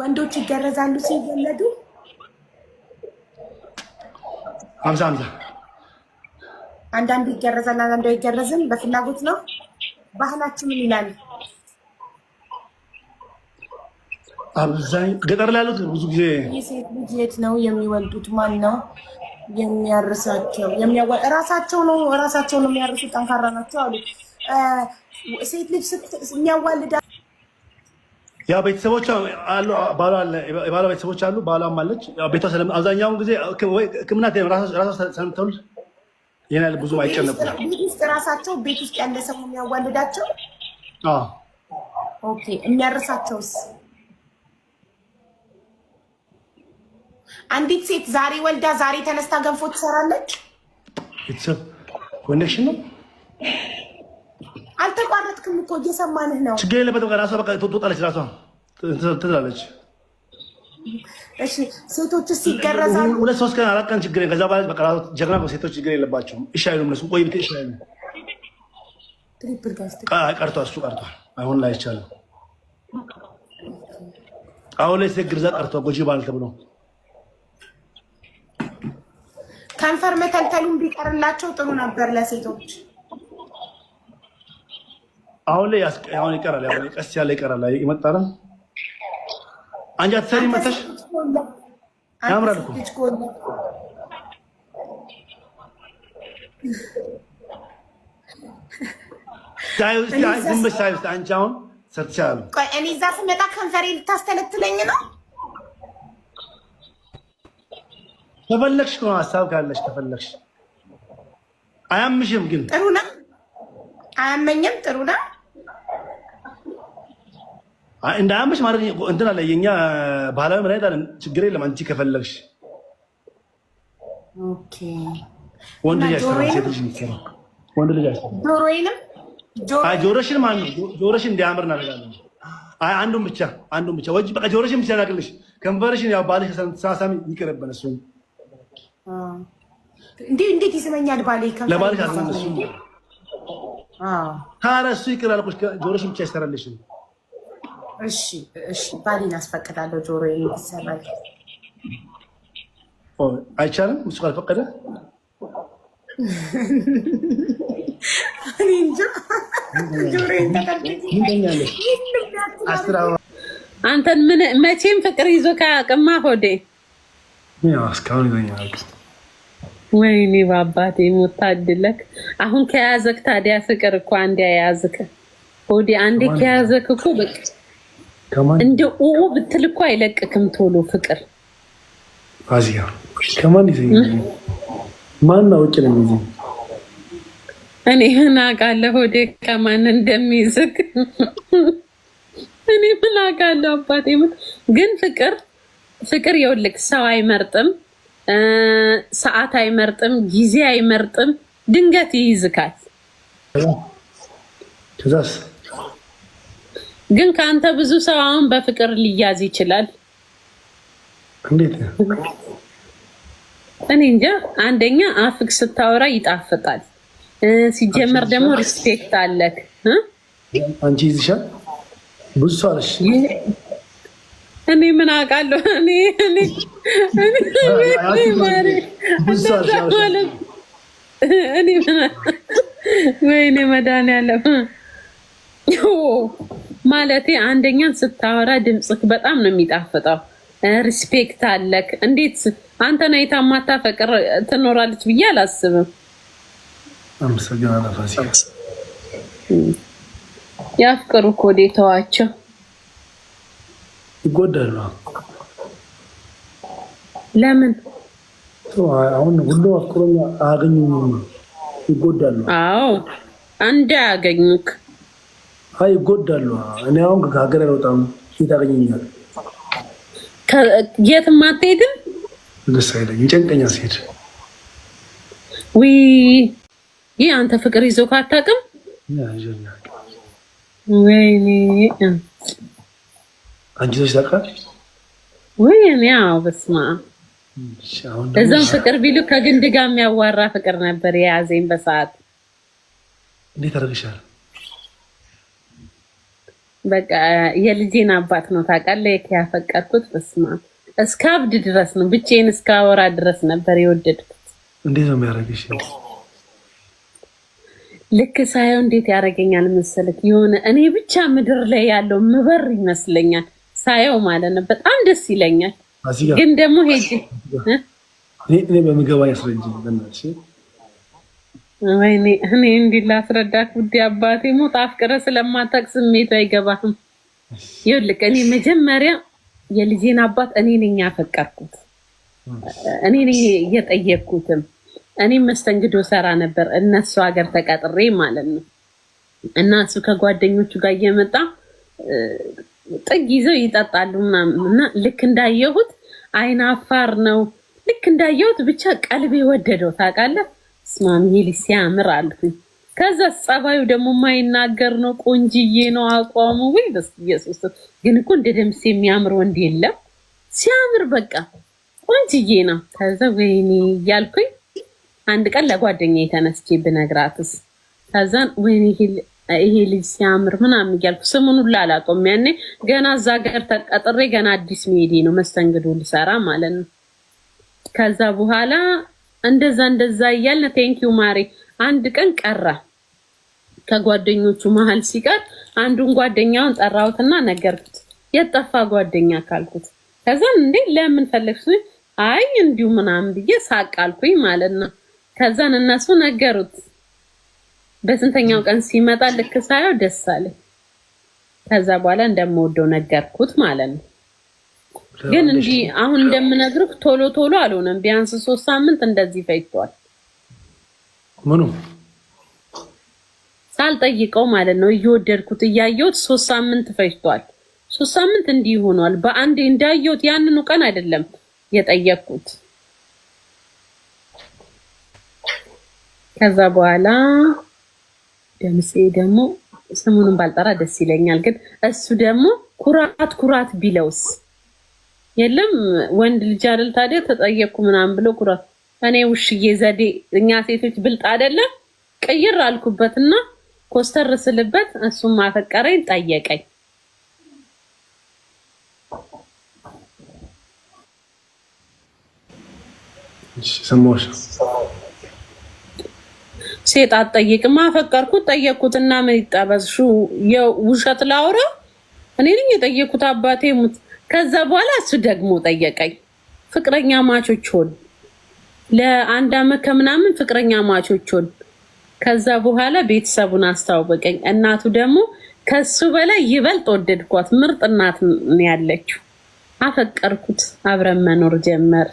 ወንዶች ይገረዛሉ ሲወለዱ? አምዛ አምዛ አንዳንዱ ይገረዛል፣ አንዳንዱ አይገረዝም። በፍላጎት ነው። ባህላችሁ ምን ይላል? አብዛኝ ገጠር ላሉት ብዙ ጊዜ የሴት ልጅ የት ነው የሚወልዱት? ማን ነው የሚያርሳቸው? እራሳቸው ነው፣ እራሳቸው ነው የሚያርሱት። ጠንካራ ናቸው አሉ ሴት ልጅ የሚያዋልዳ ያ ቤተሰቦቿ ባሏ ቤተሰቦች አሉ። ባሏም አለች። ቤቷ አብዛኛውን ጊዜ ሕክምና ራሷ ስለምትወልድ ይህን ያህል ብዙ አይጨነቁም። ራሳቸው ቤት ውስጥ ያለ ሰው የሚያዋልዳቸው የሚያርሳቸውስ አንዲት ሴት ዛሬ ወልዳ ዛሬ ተነስታ ገንፎ ትሰራለች። ቤተሰብ ኮኔክሽን ነው አልተቋረጥክም እኮ እየሰማንህ ነው። ችግር የለበትም። ራሷ በቃ ትወጣለች፣ ራሷ ትላለች። እሺ ሴቶች ይገረዛሉ። ሁለት ሶስት ቀን አራት ቀን ችግር ከዛ በኋላ በቃ ጀግና ሴቶች ችግር የለባቸውም። እሺ አይሉም እነሱ ቆይ እሺ አይሉም። ቀርቷል፣ እሱ ቀርቷል። አሁን ላይ አይቻልም። አሁን ላይ ሴት ቀርቷል። ጎጂ ተብሎ ከንፈር መተልተሉም ቢቀርላቸው ጥሩ ነበር ለሴቶች አሁን ላይ አሁን ይቀራል። አሁን ቀስ ያለ ይቀራል። አይ ይመጣል። አንቺ አትሰሪ መተሽ ያምራል እኮ ዳዩ ዳዩ ሳይስ አንቺ አሁን ሰርቻለሁ። ነው። ከፈለግሽ ነው ሀሳብ ካለሽ ከፈለግሽ አያምሽም። ግን ጥሩ ነው። አያመኝም። ጥሩ ነው። እንዳያምሽ ማለት እንትን አለ የኛ ባህላዊ መድኃኒት አለ። ችግር የለም አንቺ ከፈለግሽ ወንድ ልጅ ወንድ ልጅ ጆሮሽን ማ ጆሮሽን እንዲያምር እናደርጋለን። አንዱን ብቻ አንዱን ብቻ ወጅ በቃ ጆሮሽን ብቻ ያደርግልሽ። ከንፈርሽን ያው ባልሽ ሳሳሚ ይቅርብን። እሱ እንዴት ይስመኛል ባሌ ለባልሽ አስመን እሱ ታረ እሱ ይቅር አልኩሽ። ጆሮሽን ብቻ ይሰራልሽ ነው እሺ እሺ፣ ባሌን አስፈቅዳለሁ። ጆሮ ይሰራል አይቻልም? እሱ ካልፈቀደ አንተን መቼም ፍቅር ይዞ ከቅማ ሆዴ እስካሁን ይዞኛል። ወይኔ በአባቴ ሞታድለክ። አሁን ከያዘክ ታዲያ ፍቅር እኮ አንዴ የያዝክ ሆዴ አንዴ ከያዘክ እኮ በቃ እንደ ኡኡ ብትል እኮ አይለቅክም ቶሎ ፍቅር አዚያ ከማን ይዘኝ ማን አውጭ ነው የሚይዘኝ? እኔ ምን አውቃለሁ ሆዴ ከማን እንደሚይዝግ እኔ ምን አውቃለሁ አባቴ። ግን ፍቅር ፍቅር የውልቅ ሰው አይመርጥም፣ ሰዓት አይመርጥም፣ ጊዜ አይመርጥም። ድንገት ይይዝካል። ከዛስ ግን ከአንተ ብዙ ሰው አሁን በፍቅር ሊያዝ ይችላል። እንዴት? እኔ እንጃ። አንደኛ አፍክ ስታወራ ይጣፍጣል። ሲጀመር ደግሞ ሪስፔክት አለክ። አንቺ ይዝሻል ብዙ ሰው አለሽ። እኔ ምን አውቃለሁ? እኔ እኔ እኔ ምን ወይኔ መድኃኒዓለም ማለት አንደኛን ስታወራ ድምፅክ በጣም ነው የሚጣፍጠው። ሪስፔክት አለክ። እንዴት አንተ ነው የታማታ ፈቅር ትኖራለች ብዬ አላስብም። ያፍቅሩ ኮዴ ተዋቸው ይጎዳሉ። ለምን አሁን ሁሉ አፍቅሮ አያገኙ ይጎዳሉ። አዎ እንዳያገኙክ አይ ይጎዳሉ። እኔ አሁን ከሀገር አልወጣም። የት አገኘኛል? የትም አትሄድም። ደስ አይለኝ፣ ይጨንቀኛል ሲሄድ። ውይ ይህ አንተ ፍቅር ይዞ ካታውቅም ወይኔ አንቺ ሰች ታውቃል። ውይ እኔ ያው በስማ እዛም ፍቅር ቢሉ ከግንድ ጋር የሚያዋራ ፍቅር ነበር የያዘኝ በሰዓት እንዴት አደረግሻል? በቃ የልጄን አባት ነው ታውቃለህ፣ ያፈቀድኩት በስማ እስከ አብድ ድረስ ነው ብቼን እስከ አወራ ድረስ ነበር የወደድኩት። እንዴት ነው የሚያደርግሽ? ልክ ሳየው እንዴት ያደርገኛል መሰለክ፣ የሆነ እኔ ብቻ ምድር ላይ ያለው ምበር ይመስለኛል ሳየው ማለት ነው። በጣም ደስ ይለኛል። ግን ደግሞ ሄጅ እኔ በምገባ ያስረጅ ወይኔ እኔ እንዲህ ላስረዳት ውዴ አባቴ ሞት አፍቅረ ስለማታቅ ስሜቱ አይገባህም። ይኸውልህ እኔ መጀመሪያ የልጄን አባት እኔ ነኝ ያፈቀርኩት፣ እኔ ነኝ እየጠየቅኩትም። እኔም መስተንግዶ ሰራ ነበር እነሱ ሀገር ተቀጥሬ ማለት ነው። እና እሱ ከጓደኞቹ ጋር እየመጣ ጥግ ይዘው ይጠጣሉ ምናምን እና ልክ እንዳየሁት አይን አፋር ነው ልክ እንዳየሁት ብቻ ቀልቤ ወደደው ታውቃለህ ስማሚ ልጅ ሲያምር አልኩኝ። ከዛ ጸባዩ ደግሞ የማይናገር ነው፣ ቆንጅዬ ነው አቋሙ። ወይ ኢየሱስ! ግን እኮ እንደ ደምሴ የሚያምር ወንድ የለም። ሲያምር በቃ ቆንጅዬ ነው። ከዛ ወይኔ እያልኩኝ አንድ ቀን ለጓደኛ የተነስቼ ብነግራትስ፣ ከዛን ወይኔ ይሄ ልጅ ሲያምር ምናምን እያልኩ ስሙን ሁሉ አላውቀውም። ያኔ ገና እዛ ሀገር ተቀጥሬ ገና አዲስ መሄዴ ነው መስተንግዶ ልሰራ ማለት ነው። ከዛ በኋላ እንደዛ እንደዛ እያለ ቴንኪው ማሪ። አንድ ቀን ቀረ ከጓደኞቹ መሀል ሲቀር አንዱን ጓደኛውን ጠራሁትና ነገርኩት። የጠፋ ጓደኛ ካልኩት፣ ከዛም እንዴ ለምን ፈለግሽ? አይ እንዲሁ ምናምን ብዬ ሳቃልኩኝ ማለት ነው። ከዛን እነሱ ነገሩት። በስንተኛው ቀን ሲመጣ ልክ ሳየው ደስ አለኝ። ከዛ በኋላ እንደምወደው ነገርኩት ማለት ነው። ግን እንዲህ አሁን እንደምነግርህ ቶሎ ቶሎ አልሆነም። ቢያንስ ሶስት ሳምንት እንደዚህ ፈጅቷል። ምኑ ሳልጠይቀው ማለት ነው እየወደድኩት እያየሁት ሶስት ሳምንት ፈጅቷል። ሶስት ሳምንት እንዲህ ሆኗል። በአንዴ እንዳየሁት ያንኑ ቀን አይደለም የጠየቅኩት። ከዛ በኋላ ደምሴ ደግሞ ስሙንም ባልጠራ ደስ ይለኛል። ግን እሱ ደግሞ ኩራት ኩራት ቢለውስ የለም ወንድ ልጅ አይደል ታዲያ ተጠየቅኩ ምናምን ብሎ ኩራት። እኔ ውሽዬ ዘዴ እኛ ሴቶች ብልጥ አይደለም ቅይር አልኩበትና ኮስተር ስልበት እሱም ማፈቀረኝ ጠየቀኝ። ሴት አትጠይቅም። አፈቀርኩት ጠየቅኩት እና ምን ይጠበስ የውሸት ላውራ እኔ ነኝ የጠየቅኩት አባቴ ሙት ከዛ በኋላ እሱ ደግሞ ጠየቀኝ። ፍቅረኛ ማቾች ሆን ለአንድ አመት ከምናምን ፍቅረኛ ማቾች ሆን። ከዛ በኋላ ቤተሰቡን አስተዋወቀኝ። እናቱ ደግሞ ከሱ በላይ ይበልጥ ወደድኳት። ምርጥ እናት ያለችው አፈቀርኩት። አብረን መኖር ጀመር።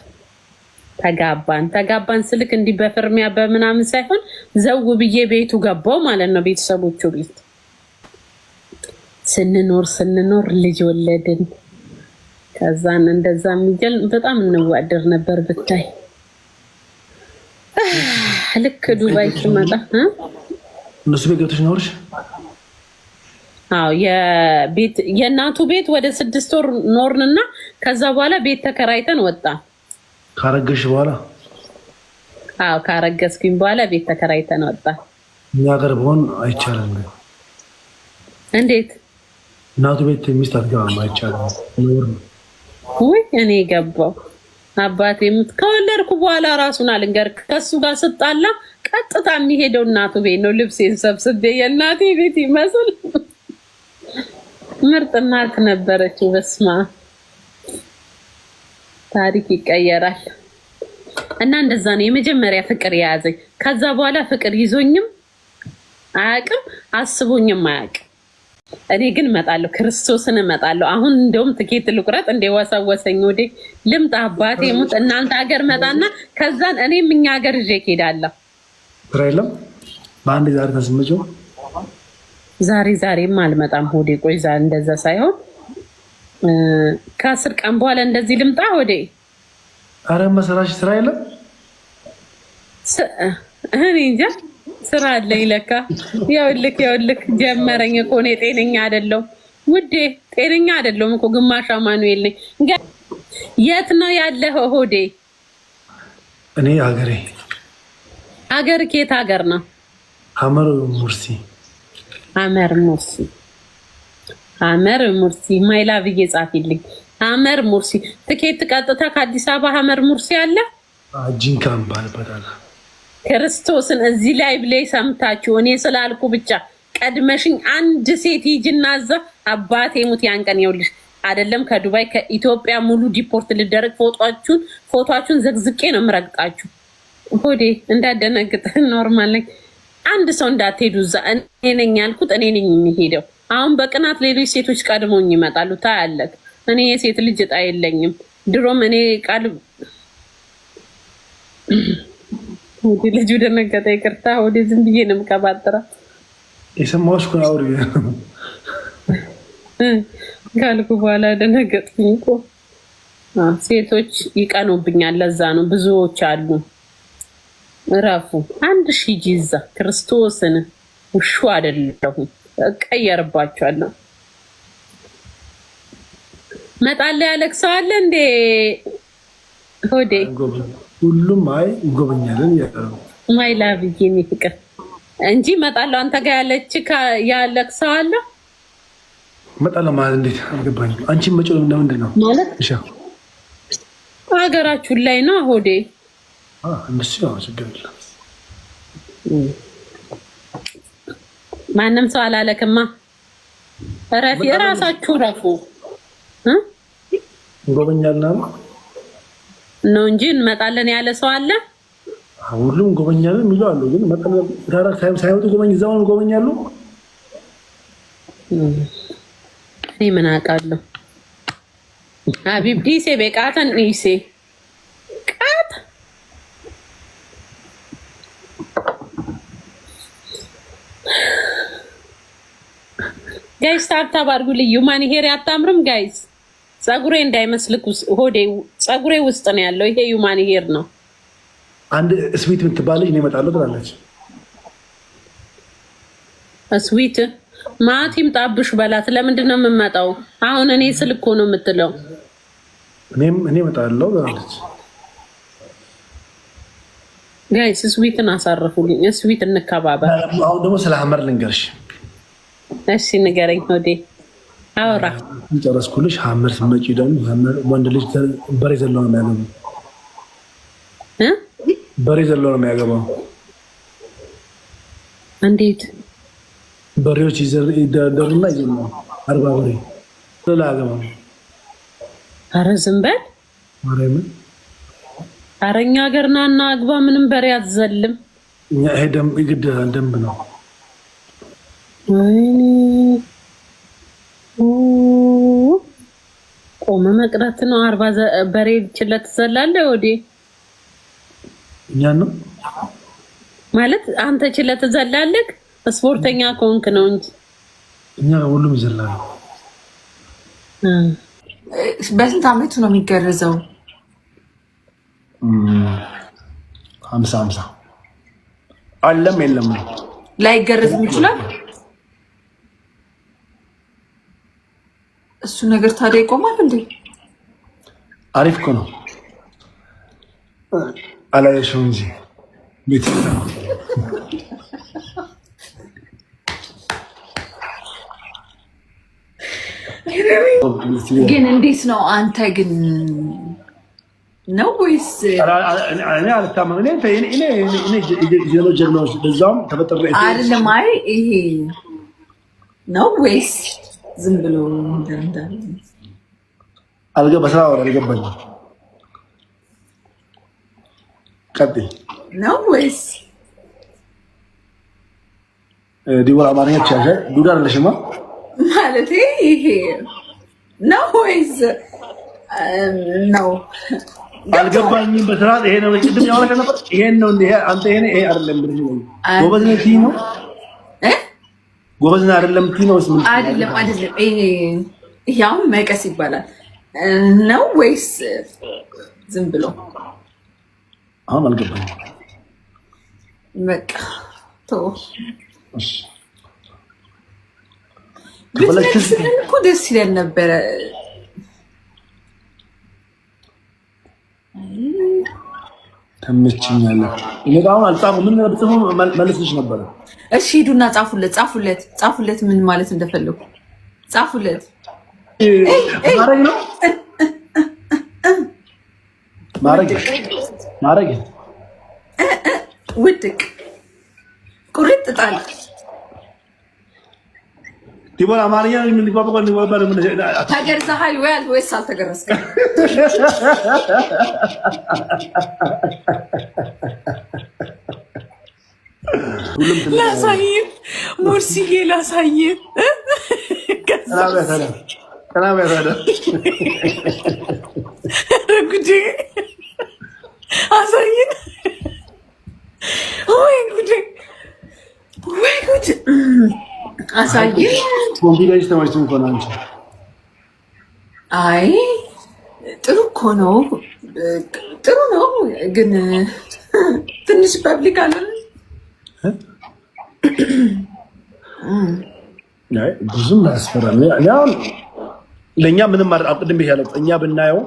ተጋባን። ተጋባን ስልክ እንዲህ በፍርሚያ በምናምን ሳይሆን ዘው ብዬ ቤቱ ገባው ማለት ነው፣ ቤተሰቦቹ ቤት። ስንኖር ስንኖር ልጅ ወለድን። ከዛን እንደዛ የሚገል በጣም እንዋደር ነበር ብታይ። ልክ ዱባይ ስመጣ እነሱ ቤት ገብተሽ ኖርሽ? አዎ የእናቱ ቤት ወደ ስድስት ወር ኖርንና ከዛ በኋላ ቤት ተከራይተን ወጣ። ካረገሽ በኋላ አዎ ካረገዝኩኝ በኋላ ቤት ተከራይተን ወጣ። እኛ ጋር በሆን አይቻልም። እንዴት እናቱ ቤት ሚስት አትገባም? አይቻልም፣ ነውር ነው። ውይ እኔ ገባው አባቴ ምት ከወለድኩ በኋላ ራሱን አልንገር ከሱ ጋር ስጣላ ቀጥታ የሚሄደው እናቱ ቤት ነው። ልብሴን ሰብስቤ የእናቴ ቤት ይመስል ምርጥ እናት ነበረች። በስማ ታሪክ ይቀየራል። እና እንደዛ ነው የመጀመሪያ ፍቅር የያዘኝ። ከዛ በኋላ ፍቅር ይዞኝም አያውቅም አስቦኝም አያውቅም። እኔ ግን እመጣለሁ፣ ክርስቶስን እመጣለሁ። አሁን እንደውም ትኬት ልቁረጥ እንደ ወሰወሰኝ፣ ወዴ ልምጣ አባቴ ሙት እናንተ ሀገር መጣና ከዛን እኔም እኛ ሀገር ይዤ እሄዳለሁ። ስራ የለም በአንድ ዛሬ ተስምጆ ዛሬ ዛሬም አልመጣም። ሆዴ ቆይ ዛ እንደዛ ሳይሆን ከአስር ቀን በኋላ እንደዚህ ልምጣ ወዴ። አረ መሰራሽ ስራ የለም እኔ እንጃ ስራ አለኝ ለካ። ያውልክ ያውልክ ጀመረኝ እኮ እኔ ጤነኛ አይደለሁም ውዴ፣ ጤነኛ አይደለሁም እኮ ግማሽ አማኑኤል ነኝ። የት ነው ያለኸው ሆዴ? እኔ አገሬ አገር ኬት ሀገር ነው? አመር ሙርሲ አመር ሙርሲ አመር ሙርሲ ማይላ ብዬ ጻፊልኝ። አመር ሙርሲ ትኬት ቀጥታ ከአዲስ አበባ አመር ሙርሲ አለ ጂንካ ባልበታላ ክርስቶስን እዚህ ላይ ብለ ሰምታችሁ እኔ ስላልኩ ብቻ ቀድመሽኝ አንድ ሴት ሂጅና እዛ አባቴ ሙት ያን ቀን ይኸውልሽ፣ አይደለም ከዱባይ ከኢትዮጵያ ሙሉ ዲፖርት ልደረግ ፎቶችሁን ፎቶችሁን ዘግዝቄ ነው የምረግጣችሁ። ሆዴ እንዳደነግጥ ኖርማል ነኝ። አንድ ሰው እንዳትሄዱ እዛ እኔ ነኝ ያልኩት እኔ ነኝ የሚሄደው። አሁን በቅናት ሌሎች ሴቶች ቀድሞኝ ይመጣሉ። ታያለህ። እኔ የሴት ልጅ እጣ የለኝም። ድሮም እኔ ቃል ልጁ ደነገጠ። ይቅርታ ወደ ዝም ብዬ ነው የምቀባጥረው። የሰማዎች ኩን አውሪ ካልኩ በኋላ ደነገጥኩኝ እኮ። ሴቶች ይቀኑብኛል። ለዛ ነው ብዙዎች አሉ። እረፉ። አንድ ሺ ጂዛ ክርስቶስን ውሹ አይደለሁም እቀየርባቸዋለሁ። መጣለ ያለቅሰዋለ እንዴ ሆዴ ሁሉም አይ እንጎበኛለን እያለ ነው። ማይ ላቭ የኔ ፍቅር እንጂ እመጣለሁ። አንተ ጋር ያለች ያለ ሰው አለ እመጣለሁ ማለት እንዴት አልገባኝም። አንቺን መጮ ምንድን ነው ማለት? ሀገራችሁን ላይ ነው ሆዴ እንደሱ ችግር የለም። ማንም ሰው አላለክማ። እረፊ፣ እራሳችሁ እረፉ። እንጎበኛለን ነው እንጂ እንመጣለን ያለ ሰው አለ። ሁሉም ጎበኛለን የሚለው አሉ። ግን ታዲያ ሳይወጡ ጎበኝ እዛው ነው ጎበኛሉ። እኔ ምን አውቃለሁ። ሀቢብ ዲሴ በቃተን ዲሴ ቃት ጋይስ ታብታብ አድርጉልኝ። ማን ሄር አታምርም ጋይስ ጸጉሬ እንዳይመስልክ ሆዴ ጸጉሬ ውስጥ ነው ያለው። ይሄ ዩማን ሄር ነው። አንድ ስዊት የምትባል ልጅ እመጣለሁ ትላለች። ስዊት ማቲም ጣብሹ በላት። ለምንድን ነው የምመጣው? አሁን እኔ ስልክ ሆኖ ነው የምትለው። እኔም እኔ እመጣለሁ ትላለች። ጋይስ ስዊትን አሳርፉልኝ። ስዊት እንከባበር። አሁን ደግሞ ስለ ሐመር ልንገርሽ። እሺ ንገረኝ ሆዴ አውራ ጨረስኩልሽ። ሀመር ስትመጪ ደግሞ ወንድ ልጅ በሬ ዘሎ ነው የሚያገባው። በሬ ዘሎ ነው የሚያገባው። እንዴት በሬዎች ይደርና ይዘ አርባ በሬ ሌላ ያገባ አረ ዝም በል ሀገር ና እና አግባ። ምንም በሬ አትዘልም። ይሄ ደንብ ነው። ቆመ መቅረት ነው። አርባ በሬ ችለት ትዘላለ ወዴ እኛ ነው ማለት አንተ ችለት ትዘላለህ። ስፖርተኛ ከሆንክ ነው እንጂ እኛ ሁሉም ይዘላል። በስንት አመቱ ነው የሚገረዘው? ሀምሳ ሀምሳ አለም የለም ላይገረዝም ይችላል እሱ ነገር ታዲያ ይቆማል እንዴ? አሪፍ እኮ ነው። አላየሽው እንጂ ቤት ግን እንዴት ነው አንተ ግን ነው ወይስ እኔ አይደለም። አይ ይሄ ነው ወይስ ዝም ብሎ አልገባ አልገባኝም። ቀጥይ ነው ወይስ ዲቦራ አማርኛ ቻለ ዱዳ አይደለሽማ ማለት ይሄ ነው ወይስ ነው? አልገባኝም በስርዓት ይሄ ነው። ቅድም ያወራከ ነበር። ይሄን ነው አንተ ይሄ አይደለም ብለሽ ነው ጎበዝና አይደለም ፒኖስ ምን አይደለም አይደለም ያው መቀስ ይባላል ነው ወይስ ዝም ብሎ አሁን አልገባኝ። በቃ ተው እኮ ደስ ይለን ነበረ። ተመችኛለች። አሁን አልጻፉ ምን ጽፉ መልስልሽ ነበረ። እሺ ሂዱና ጻፉለት፣ ጻፉለት፣ ጻፉለት ምን ማለት እንደፈለጉ ጻፉለት። ማረግ ነው ማረግ ማረግ ውድቅ ቁርጥ ጣል ይቦላ አማርኛ የምንግባባው እንግባባ ለምን ተገርዘሃል ወይ ወይስ አልተገረዝክም? ላሳየን ሙርሲዬ ላሳየን ጉዴ አሳየን ወይ ጉዴ ወይ ጉዴ ኮምፒውተር ተመችቶ እንኳን አንቺ አይ ጥሩ እኮ ነው፣ ጥሩ ነው። ግን ትንሽ ፐብሊክ አለ ብዙም አያስፈራም። ያ ለእኛ ምንም አቅድም ብሄ ያለ እኛ ብናየው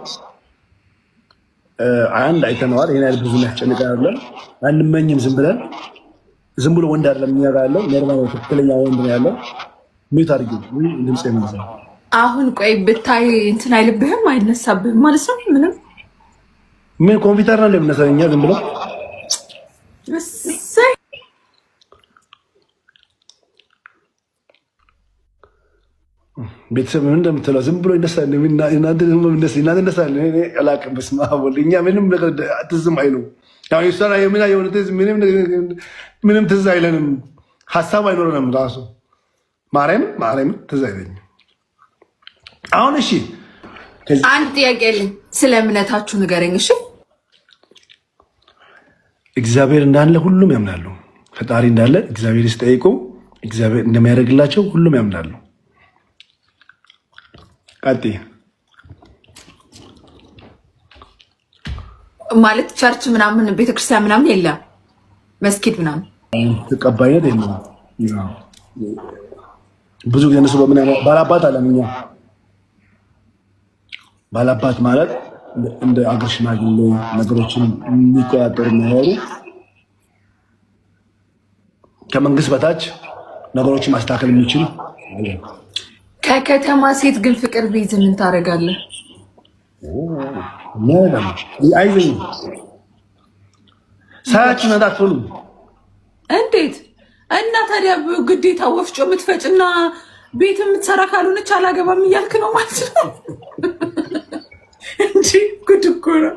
አንድ አይተነዋል። ይህን ያህል ብዙ ያስጨንቀናለን፣ አንመኝም ዝም ብለን ዝም ብሎ ወንድ አይደለም እኛ ጋር ያለው ኖርማል ትክክለኛ ወንድ ነው ያለው። ሚት አድርጊ ድምፅ የምንሰ አሁን ቆይ ብታይ እንትን አይልብህም አይነሳብህም ማለት ነው። ምንም ምን ኮምፒውተር ነው እንደምነሳ እኛ ዝም ብሎ ቤተሰብ ምን እንደምትለው ዝም ብሎ ይነሳል። እናንተ እንደሳለ አላቅም። በስመ አብ ወልድ እኛ ምንም ነገር ትዝም አይሉም ያው የእሷን የምን የእውነት ምንም ትዝ አይለንም፣ ሀሳብ አይኖረንም። ራሱ ማርያም ማርያም ትዝ አይለኝም። አሁን እሺ፣ አንድ ጥያቄ አለኝ። ስለ እምነታችሁ ንገረኝ። እሺ፣ እግዚአብሔር እንዳለ ሁሉም ያምናሉ። ፈጣሪ እንዳለ እግዚአብሔር ሲጠይቁ እግዚአብሔር እንደሚያደርግላቸው ሁሉም ያምናሉ። ቀጥይ ማለት ቸርች ምናምን ቤተክርስቲያን ምናምን የለም፣ መስጊድ ምናምን ተቀባይነት የለም። ብዙ ጊዜ እነሱ በምን ባላባት አለም እኛ ባላባት ማለት እንደ አገር ሽማግሌ ነገሮችን የሚቆጣጠሩ የሚያወሩ ከመንግስት በታች ነገሮችን ማስተካከል የሚችል ከከተማ ሴት ግን ፍቅር ቤዝ ምን ታደርጋለህ? ሳያችሁ ነዳ ትሆኑ እንዴት? እና ታዲያ ግዴታ ወፍጮ የምትፈጭና ቤት የምትሰራ ካልሆነች አላገባም እያልክ ነው ማለት ነው እንጂ ጉድ እኮ ነው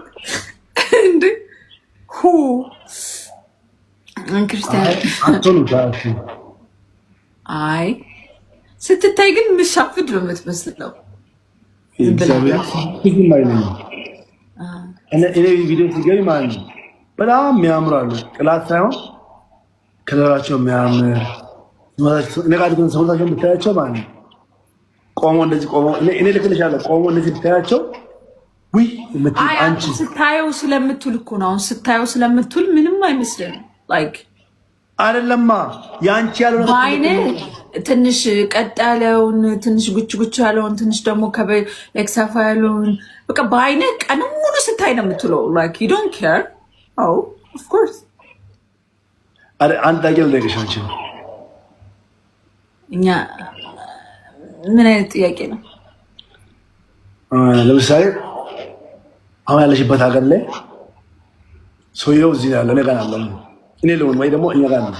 እንዴ! ሁ ክርስቲያን አይ ስትታይ ግን ምሻፍድ ነው የምትመስለው። ብዙም አይለኝም። እኔ ቪዲዮ ሲገኝ ማለት ነው በጣም የሚያምሩ ቅላት ሳይሆን ከለራቸው የሚያምር ሰውነታቸው ብታያቸው ማለት ነው ቆሞ እንደዚህ ቆሞ እኔ ልክልሻለሁ። ቆሞ እንደዚህ ብታያቸው ስታየው ስለምትውል እኮ ነው። አሁን ስታየው ስለምትውል ምንም አይመስልም። አይደለማ የአንቺ ያልሆነ ትንሽ ቀጥ ያለውን ትንሽ ጉች ጉች ያለውን ትንሽ ደግሞ ከኤክሳፋ ያለውን በቃ በአይነ ቀን ሙሉ ስታይ ነው የምትለው። ላይክ ዩ ዶንት ኬር ኦፍ ኮርስ። አንድ ጥያቄ ልጠይቅሽ። አንቺ እኛ ምን አይነት ጥያቄ ነው? ለምሳሌ አሁን ያለሽበት ሀገር ላይ ሰውየው እዚህ ያለ እኔ ጋር አለ እኔ ልሆን ወይ ደግሞ እኛ ጋር ነው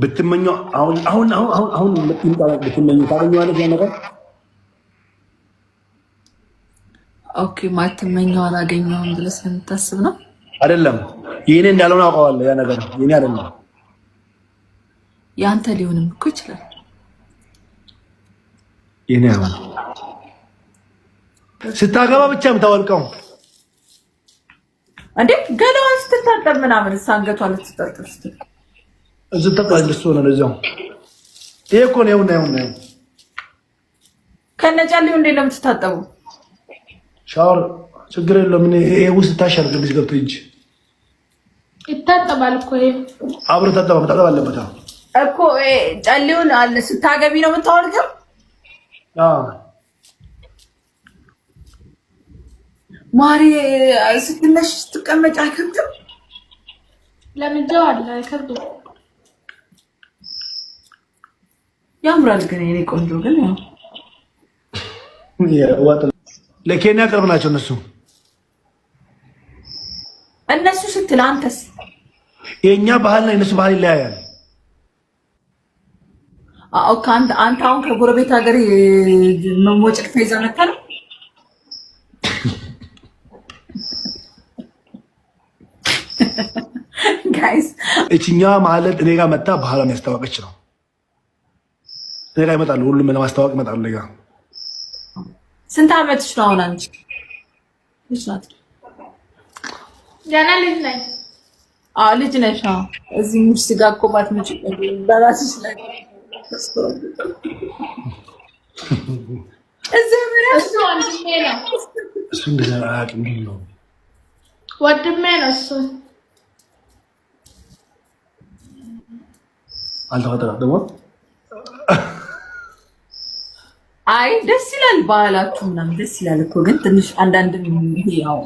ብትመኘው አሁን አሁን አሁን አሁን ይምጣላት ብትመኘው ታገኘዋለች ያ ነገር። ኦኬ ማትመኘው አላገኘውም ብለህ ስለምታስብ ነው አይደለም? የኔ እንዳልሆነ አውቀዋለሁ። ያ ነገር የኔ አይደለም። የአንተ ሊሆንም እኮ ይችላል። የኔ አይሆን ስታገባ ብቻ የምታወልቀው እንዴ ገለዋን ስትታጠብ ምናምን ሳንገቷ ልትታጠብ ስትል እዚህ ተቋልሶ ነው ይሄ እኮ ነው ነው ነው ከነጫሌው እንዴት ነው ሻወር ችግር የለውም። እኔ ይሄ ውስጥ ታሻል ግብዝ ገብቶ እንጂ ይታጠባል እኮ ይሄ አብሮ ታጠባ መታጠብ አለበት እኮ አለ ስታገቢ ነው የምታወልቀው። ማሪ ስትነሽ ስትቀመጭ አይከብድም። አለ አይከብድም ያምራል። ግን የኔ ቆንጆ ግን ያው ለኬንያ ቅርብ ናቸው እነሱ እነሱ ስትል አንተስ የእኛ ባህልና የነሱ ባህል ይለያያል። አንተ አሁን ከጎረቤት ሀገር መሞጨቅ ተይዛ መታ ነው። ጋይስ እችኛዋ ማለት እኔ ጋር መታ ባህሏን ያስታወቀች ነው። እኔ ጋር ይመጣሉ። ሁሉም ለማስታወቅ ይመጣሉ። ስንት ዓመትሽ ነው አሁን? አንቺ ገና ልጅ ነኝ። አዎ ልጅ ነሽ። እዚህ ሙሽ ስጋ እኮ ባትመጪ በራስሽ ላይ ወንድሜ ነው እሱ። ነው እሱ። አልተፈጠረ ደግሞ አይ ደስ ይላል፣ ባህላችሁ ምናምን ደስ ይላል እኮ ግን ትንሽ አንዳንድ ይሄ ያው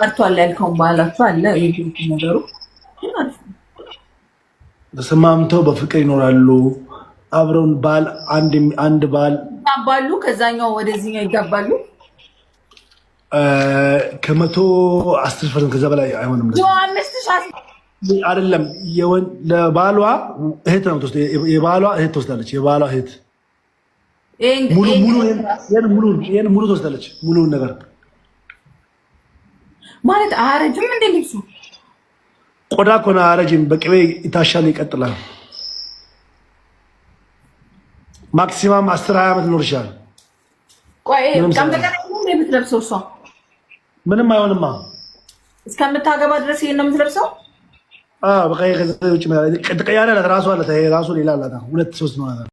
ቀርቷል ያልከውን ባህላችሁ አለ ነገሩ ተስማምተው በፍቅር ይኖራሉ። አብረውን ባል አንድ አንድ ባል ይጋባሉ፣ ከዛኛው ወደዚህኛው ይጋባሉ። ከመቶ አስር ፐርሰንት ከዛ በላይ አይሆንም። አይደለም ለባሏ እህት ነው የባሏ እህት ትወስዳለች። የባሏ እህት ይሄን ሙሉ ትወስዳለች። ሙሉውን ነገር ማለት አያረጅም። እንደ ልብሱ ቆዳ ኮና አያረጅም። በቅቤ ይታሻል፣ ይቀጥላል። ማክሲማም አስር ሀያ ዓመት ይኖርሻል። የምትለብሰው እሷ ምንም አይሆንማ እስከምታገባ ድረስ ይሄን ነው የምትለብሰው። በቃ ከዚ ቀጥቀያ ላት ራሱ አላት ራሱ ሌላ አላት ሁለት ሶስት ነው